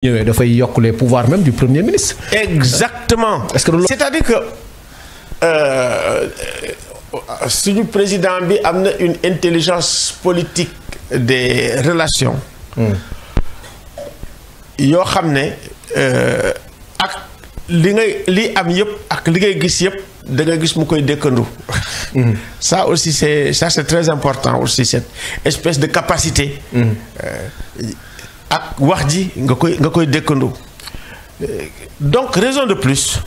ñëwee dafay yokk les pouvoirs même du premier ministre. exactement. que c'est-à-dire que euh, suñu président bi am na une intelligence politique des relation hmm. yoo xam ne euh, ak li ngay li am yëpp ak li ngay gis yëpp da ngay gis mu koy dëkkandu. Hmm. ça aussi c'est ça c'est très important aussi cette espèce de capacité. Hmm. Euh, ak wax ji nga koy nga koy dëkkandu donc raison de plus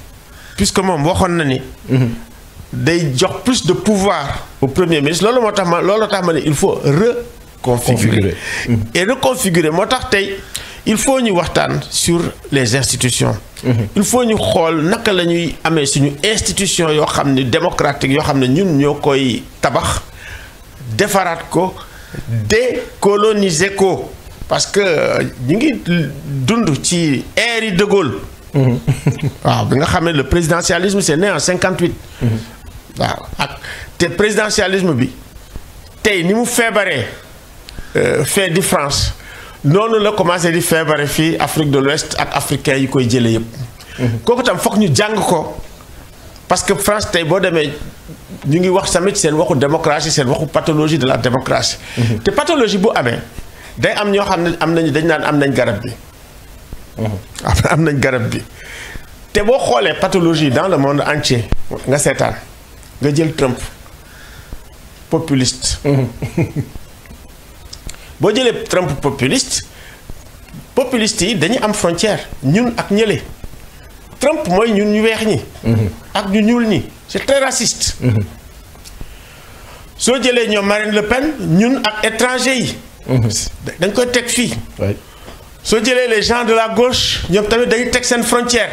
puisque moom waxoon na ni. Mhm. day jox plus de pouvoir au premier ministre loolu moo tax ma loolu tax ma ne il faut reconfigurer. Mhm. et reconfigurer moo tax tey il faut ñu waxtaan sur les institutions. Mhm. il faut ñu xool naka la ñuy amee suñu institution yoo xam ne democratique yoo xam ne ñun ñoo koy tabax defaraat ko décoloniser ko. parce que ñu ngi dund ci ère yi de mm-hmm. waaw bi nga xamee ne le présidentialisme c'est né en cinquante huit. Mm-hmm. waaw ak te présidentialisme bi tey ni mu feebaree euh, fee di France noonu la commencé di feebare fii Afrique de l'Ouest ak africain yi koy jëlee yëpp. Mm-hmm. kooku tam foog ñu jàng ko parce que France tey boo demee ñu ngi wax tamit seen waxu démocratie seen waxu pathologie de la démocratie. te pathologie bu amee. day am ñoo xam ne am nañu dañ naan am nañ garab bi mm-hmm. am nañ garab bi te boo xoolee pathologie dans le monde entier nga seetaan nga jël Trump populiste mm-hmm. boo jëlee Trump populiste populiste yi dañu am frontière ñun ak ñële Trump mooy ñun ñu weex ñi mm-hmm. ak ñu ñuul ñi c'est très raciste soo jëlee ñoom Marine Le Pen ñun ak étranger yi dañ koy teg fii. soo jëlee les gens de la gauche ñoom tamit dañuy teg seen frontière.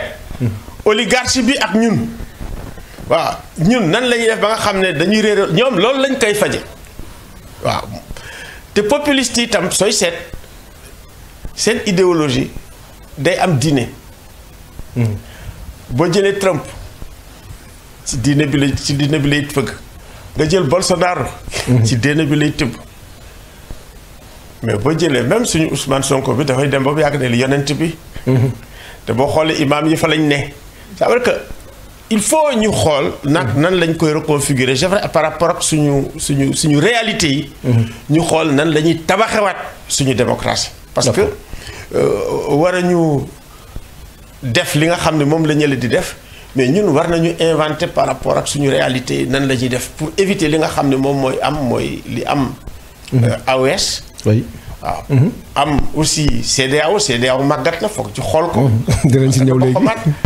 oligarchie bi ak ñun. waaw ñun nan lañuy def ba nga xam ne dañuy réer ñoom loolu lañ koy faje waaw te populiste yi tam sooy seet seen idéologie day am diine. boo jëlee Trump si diine bi lay ci diine bi lay fëgg nga jël Bolsonaro. Mhm. ci diine bi lay tëbb. mais boo jëlee même suñu Ousmane Sonko bi dafay dem ba mu yàgg ne yonent bi. te boo xoolee imaam yi fa lañ ne. ça veut dire que il faut ñu xool. nag nan lañ koy reconfigurer je par rapport ak suñu suñu suñu réalité yi. ñu xool nan la ñuy tabaxewaat suñu démocratie. parce que euh, war a ñu def li nga xam ne moom la ñële di def. mais ñun war nañu inventer par rapport ak suñu réalité nan la ñuy def pour éviter li nga xam ne moom mooy am mooy li am. Mhm. Euh, AOS. oui waaw. Ah. Mhm. am aussi CEDEAO CEDEAO màggat na foog ci xool ko. Mhm. dinañ si ñëw léegi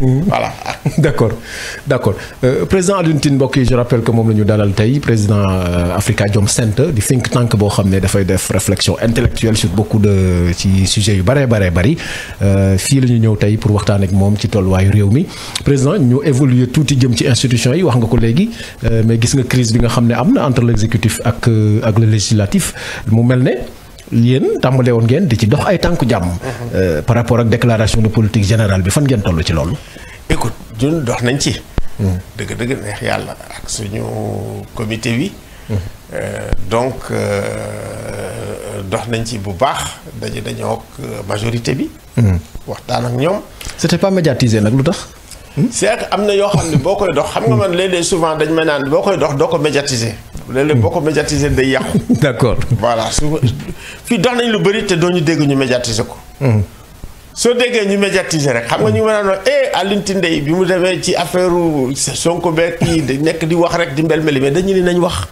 mhm. voilà. d' accord d' accord euh, président Alioune Tine mbokk yi je rappelle moom la ñu dalal tey président euh, Afrikajom Center di think tank boo xam ne dafay def réflexion intellectuelle sur beaucoup de ci sujets yu bëree bëree bëri euh, fii la ñu ñëw tey pour waxtaan ak moom ci tolluwaayu réew mi président ñu évoluer tuuti jëm ci institution yi wax nga ko léegi mais gis nga crise bi nga xam ne am na entre l' ak ak le législatif mu mel ne. yéen tàmbalee woon ngeen di ci dox ay tànku jàmm. Uh-huh. Euh, par rapport ak déclaration de politique général bi fan ngeen toll ci loolu. écoute ñun dox nañ ci. Hmm. dëgg dëgg neex yàlla ak suñu comité bi. Hmm. Euh, donc euh, dox nañ ci bu baax dañu dañoo ak majorité bi. Hmm. waxtaan ak ñoom. c'était pas médiatiser nag lu tax. c'est am na yoo xam ne boo koy dox xam nga man léeg-léeg souvent dañ ma naan boo koy dox doo ko médiatiser. léeg-léeg boo ko médiatiser day yàqu. d'accord voilà su fii dox nañ lu bëri te doo ñu dégg ñu médiatiser ko. Hmm. soo déggee ñu médiatiser rek xam nga ñu mën a noo eh Alioune Tindey bi mu demee ci affaire Sonko beeg kii di nekk di wax rek di mbel meli mais dañu ne nañ wax.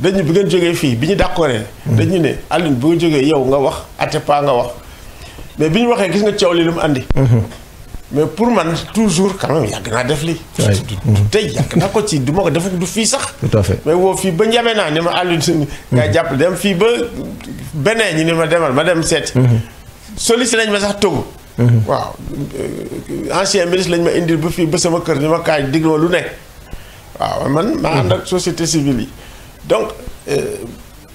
dañu bi ngeen jógee fii bi ñu d'accordé. dañu ne Alioune boo nga jógee yow nga wax Atepa nga wax mais bi ñu waxee gis nga coow li lu mu andi. Hmm. mais pour man toujours quand même yàgg naa def lii. Mhm. tey yàgg naa ko ci du ma ko def du fii sax. tout à fait mais woo fii ba njamee naa ni ma àll mhm. nga jàpp dem fii ba beneen ñi ni ma demal ma dem seeti. Mhm. sollicité nañ ma sax Togo. waaw euh, ancien ministre lañ ma indil ba fii ba sama kër ni ma kaay diglu ma lu nekk. waaw man maa ànd ak société civile yi donc. Euh,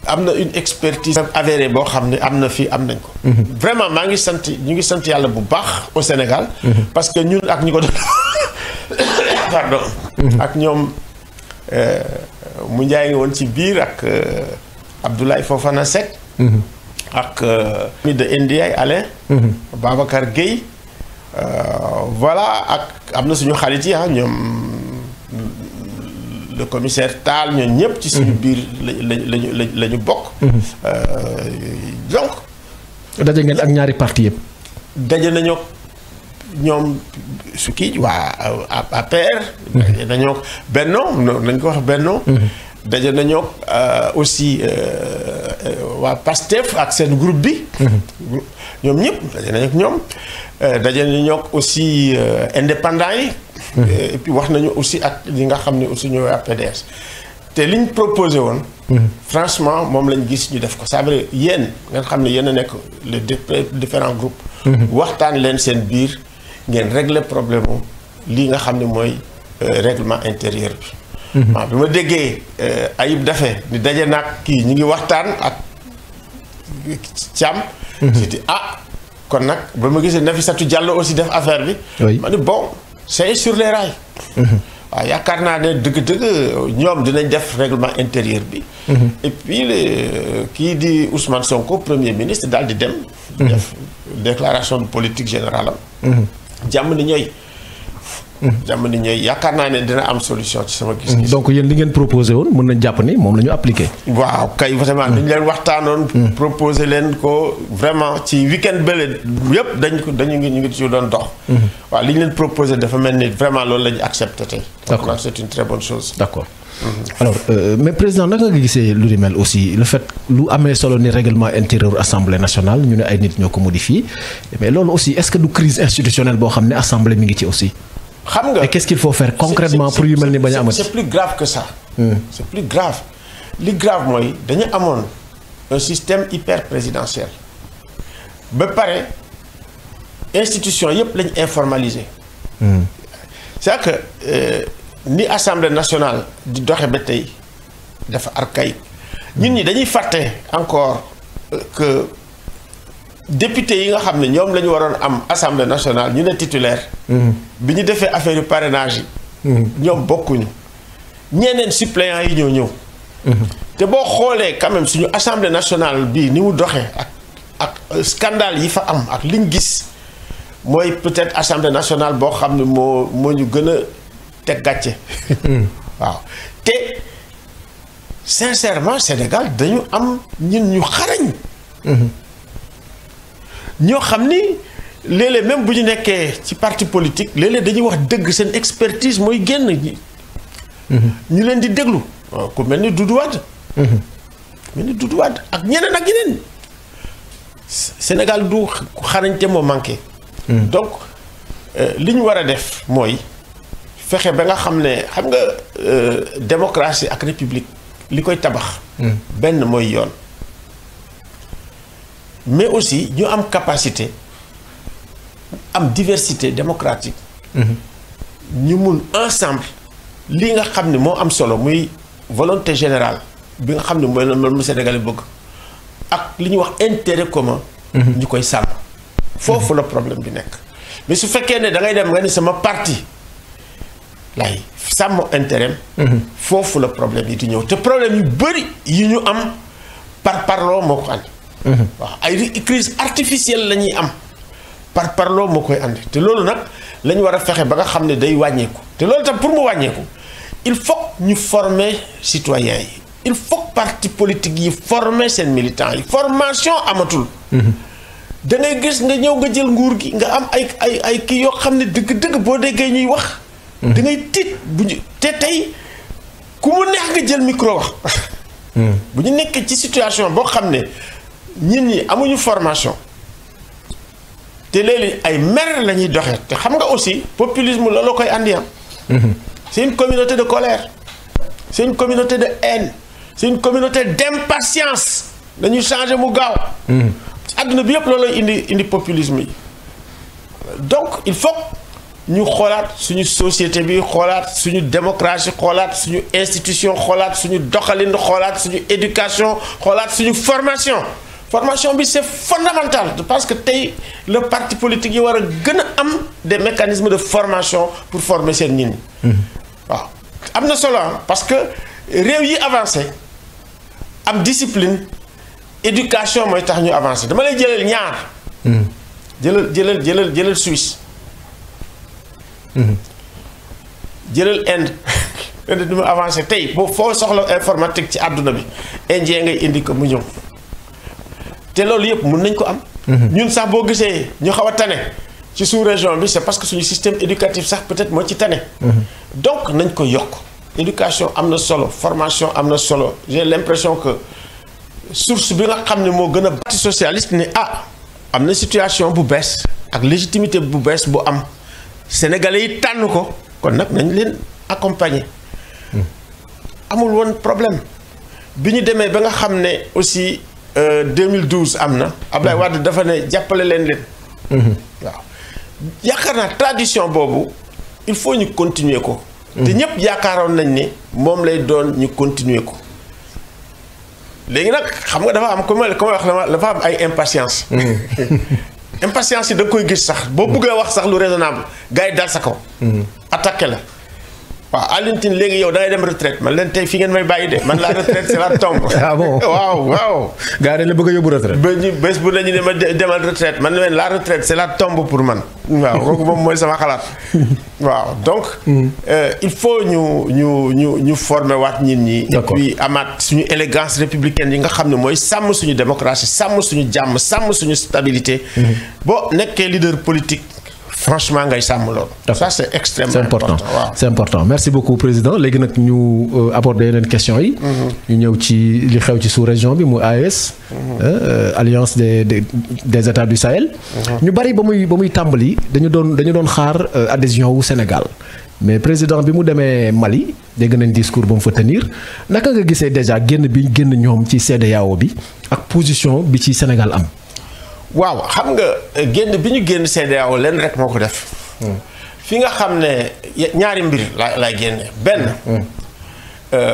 am na une expertise avérée boo xam ne am na fii am nañ ko. Mhm. vraiment maa ngi sant ñu ngi sant yàlla bu baax au Sénégal. Mhm. parce que ñun ak ñu ko doon pardon. Mhm. ak ñoom euh, mu njaay ngi woon ci biir ak euh, Abdoulaye Fofana Seck. ak mi euh, de Ndiaye Alain. Babacar Gueye voilà ak am na suñu xarit yi ah, ñoom. le commissaire Tall ñoom ñëpp. ci suñu mhm. biir la la la la ñu bokk. Mhm. Euh, donc. daje ngeen ak ñaari parti yëpp. daje nañoo ñoom su kii waa APR. Mhm. daje nañoo Benno nañ ko wax Benno. daje nañoo euh, aussi euh, waa PASTEF ak seen groupe bi. ñoom ñëpp daje nañoo ñoom. daje nañoo aussi indépendant yi. Euh, et wax nañu aussi ak li nga xam ne aussi ñooy waa PDS te liñ proposé woon. Mhm. franchement moom lañ gis ñu def ko c'est vrai yéen nga xam ne yéen a nekk les différents groupes. Mhm. waxtaan leen seen biir ngeen régler problème mu lii nga xam ne mooy euh, règlement intérieur bi. Mhm. waaw bi ma déggee euh, Ayib Daffé ni daje nag kii ñu ngi waxtaan ak Thiam. si ah kon nag ba ma gisee na fi satu Diallo aussi def affaire bi. ma ni bon. c'est sur les rails. waaw ah, yaakaar naa ne dëgg-dëgg ñoom dinañ def règlement intérieur bi. et kii di Ousmane Sonko premier ministre daal di dem. Mhm. def déclaration de politique générale am. Mhm. jàmm ni ñooy. jamono ñooy yaakaar naa ne dina am solution ci sama gis-gis. donc yéen li ngeen proposé woon mën nañ jàpp ni moom la ñu appliqué. waaw kay vraiment dañ leen waxtaanoon. Mm. proposé leen ko vraiment ci weekend bële yëpp dañ ko dañu ngi ñu ngi ci doon dox. Mm-hmm. waaw li ñu leen proposé dafa mel ni vraiment loolu la ñu accepté tey. d'accord c'est mm-hmm. euh, président naka nga gisee lu di mel aussi le fait lu amee solo ni règlement intérieur assemblée nationale ñu ne ay nit ñoo ko modifié boo xam ne assemblée ngi ci aussi. xam nga mais qu'est-ce qu'il faut faire concrètement pour yu mel ni bañ a amati. c'est plus grave que ça. Hmm. c'est plus grave li grave mooy dañu amoon un système hyper présidentiel ba pare institution yëpp lañ informalisé. Hmm. chaque euh, ni assemblée nationale di doxe ba tey dafa archaïque ñun ñi dañuy fàtte encore euh, que député yi nga xam ne ñoom la ñu waroon am assemblée nationale ñu ne titulaire. Mm-hmm. bi ñu defee affaire yu parrainage yi. Mm-hmm. ñoom bokkuñu. ñeneen suppléants yi ñoo ñëw. Mm-hmm. te boo xoolee quand suñu assemblée nationale bii ni mu doxee ak ak euh, scandale yi fa am ak liñ gis mooy peut-être assemblée nationale boo xam ne moo moo ñu gën a teg gàcce. waaw te sincèrement Sénégal dañu am ñun ñu xarañ. ñoo xam ni léeg-léeg même bu ñu nekkee ci parti politique léeg-léeg dañuy wax dëgg seen expertise mooy génn ñi mhm. ñu leen di déglu ku mel ni duduwaat Wade mhm. mel ni Doudou ak ñeneen ak ñeneen Sénégal du xarañte moo manqué mhm. donc euh, li ñu war a def mooy fexe ba nga xam ne xam nga euh, démocratie ak république li koy tabax benn mooy yoon mais aussi ñu am capacité am diversité démocratique. Mhm. ñu mun ensemble lii nga xam ne moo am solo muy volonté général bi nga xam ne mooy la loolu Sénégal bëgg ak li ñuy wax intérêt commun. Mhm. ñu koy sàmm. foofu la problème bi nekk. mais su fekkee ne dangay dem nga ni sama parti lay sàmm intérêt mhm. foofu la problème yi di ñëw te problème yu bëri yu ñu am par parloo moo ko andi. waaw ay crise artificielle la ñuy am par parloo moo koy andi te loolu nag lañu war a fexe ba nga xam ne day wàññeeku te loolu tam pour mu wàññeeku il faut ñu former citoyens yi il faut parti politique yi former seen militants yi formation amatul mhm. da gis nga ñëw nga jël nguur gi nga am ay ay ay kii yoo xam ne dëgg-dëgg boo déggee ñuy wax mhm. da ngay tiit bu te tey ku mu neex nga jël micro wax mhm. bu ñu nekkee ci situation boo xam ne ñit ñi amuñu formation te léegi ay mer la ñuy doxee te xam nga aussi populisme loolu koy andi am. Ah. Mhm. c'est communauté de colère. seen une communauté de haine. c'est une communauté d'impatience dañuy changer mu gaaw. Mhm. àdduna bi yëpp loolooy indi indi populisme yi donc il faut ñu xoolaat suñu société bi xoolaat suñu démocratie xoolaat suñu institution xoolaat suñu doxalin xoolaat suñu éducation xoolaat suñu formation. formation bi c'est fondamental je pense que tey le parti politique yi war a gën a am des mécanismes de formation pour former seen nit ñi mm-hmm. waaw am na solo parce que réew yi avancé am discipline éducation mooy tax ñu avancé dama lay jëlal ñaar mm-hmm. jëlal jëlal jëlal jëlal Suisse mm-hmm. jëlal Inde Inde du mu avancé tey boo foo soxla informatique ci àdduna bi indien ngay indi ko mu ñëw te loolu yëpp mun nañ ko am. Mhm. ñun sax boo gisee ñu xaw a tane ci sous région bi c'est parce que suñu système éducatif sax peut-être moo ci tane. Mhm. donc nañ ko yokk éducation am na solo formation am na solo j'ai l'impression que source bi nga xam ne moo gën a parti socialist ni ah am na situation bu bees ak légitimité bu bees bu am sénégalais yi tànn ko kon nag nañ leen accompagner. Mhm. amul woon problème bi ñu demee ba nga xam ne aussi. 2012 euh, am na. Ablaye Wade dafa ne jàppale leen leen. Mhm. waaw yaakaar naa tradition boobu il faut ñu continuer ko. Mhm. te ñëpp yaakaaroon nañ ni moom lay doon ñu continuer ko. léegi nag xam nga dafa am comme ma wax la dafa am ay impatience. Mhm. impatience yi da koy gis sax boo buggee wax sax lu raisonnable gars yi dal sa ko attaqué la. waaw Alioune léegi yow da ngay dem retraite man leen tey fi ngeen may bàyyi de man la retraite c'est la tombe. Ah waaw waaw. gars la bëgg a yóbbu retraite. ba ñu bés bu nañu ne ma demal retraite man leen la retraite c'est la tombe pour man. waaw kooku moom mooy sama xalaat. waaw donc. Hmm. Euh, il faut ñu ñu ñu ñu former waat nit ñi. et puis amaat suñu élégance républicaine yi nga xam ne mooy sàmm suñu démocratie sàmm suñu jàmm sàmm suñu stabilité. Hmm. boo nekkee leader politique. franchement ngay sàmm loolu. ça c' est extrêmement important merci beaucoup président léegi nag ñu euh, aborder yeneen questions yi. Mm-hmm. ñu ñëw ci li xew ci sous région bi mu AES. Mm-hmm. Euh, alliance de des états du Sahel. Mm-hmm. ñu bari ba muy ba muy tàmbali dañu doon dañu doon xaar euh, adhésion wu Sénégal mais président bi mu demee Mali dégg nañ discours ba mu fa tenir naka nga gisee déjà génn bi génn ñoom ci CEDEAO bi ak position bi ci Sénégal am. waaw xam nga euh, génn bi ñu génn CEDEAO leen rek moo ko def. Hmm. fi nga xam ne ñaari mbir la lay génne benn. Hmm. Hmm. Euh,